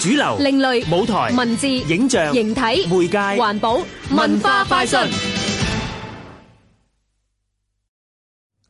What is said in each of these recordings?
主流、另類、舞台、文字、影像、形體、媒介、環保、文化快訊。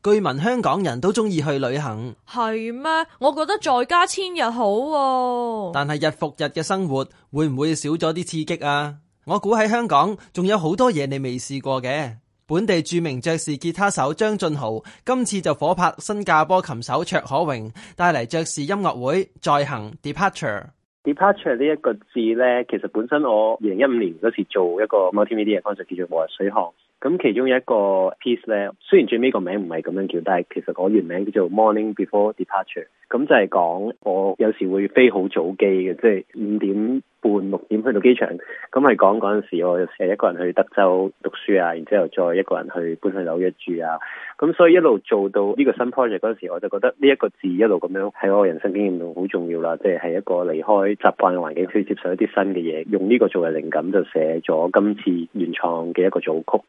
據聞香港人都中意去旅行，係咩？我覺得在家千日好啊，但係日復日嘅生活會唔會少咗啲刺激啊？我估喺香港仲有好多嘢你未試過嘅。本地著名，著名爵士吉他手張俊豪今次就火拍新加坡琴手卓可榮，帶嚟爵士音樂會再行 Departure。departure 呢一個字呢，其實本身我二零一五年嗰時做一個 multimedia 方式叫做臥水航。咁其中一個 piece 呢，雖然最尾個名唔係咁樣叫，但係其實我原名叫做 Morning Before Departure。咁就係講我有時會飛好早機嘅，即係五點。半六點去到機場，咁係講嗰陣時，我誒一個人去德州讀書啊，然之後再一個人去搬去紐約住啊，咁所以一路做到呢個新 project 嗰陣時，我就覺得呢一個字一路咁樣喺我人生經驗度好重要啦，即係係一個離開習慣嘅環境，需要接受一啲新嘅嘢，用呢個作為靈感就寫咗今次原創嘅一個組曲。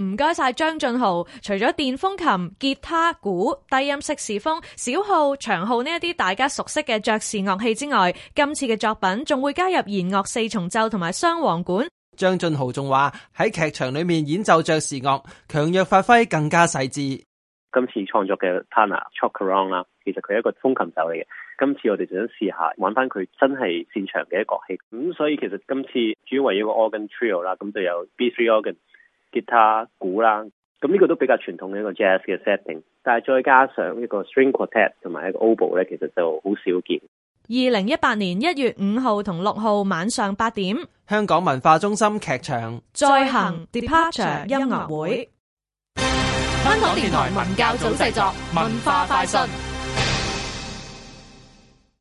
唔該晒張俊豪，除咗電風琴、吉他、鼓、低音色士風、小號、長號呢一啲大家熟悉嘅爵士樂器之外，今次嘅作品仲會加入弦樂四重奏同埋雙簧管。張俊豪仲話喺劇場裏面演奏爵士樂，強弱發揮更加細緻。今次創作嘅 Tana Chacon 啦，其實佢係一個風琴手嚟嘅，今次我哋就想試下，玩翻佢真係擅長嘅一個樂器。咁、嗯、所以其實今次主要圍繞個 Organ Trio 啦，咁就有 B3 Organ。吉他、鼓啦，咁、這、呢個都比較傳統嘅一個 jazz 嘅 setting，但係再加上一個 string quartet 同埋一個 oboe 咧，其實就好少見。二零一八年一月五號同六號晚上八點，香港文化中心劇場再行 Departure 音樂會，樂會香港電台文教組製作文化快訊。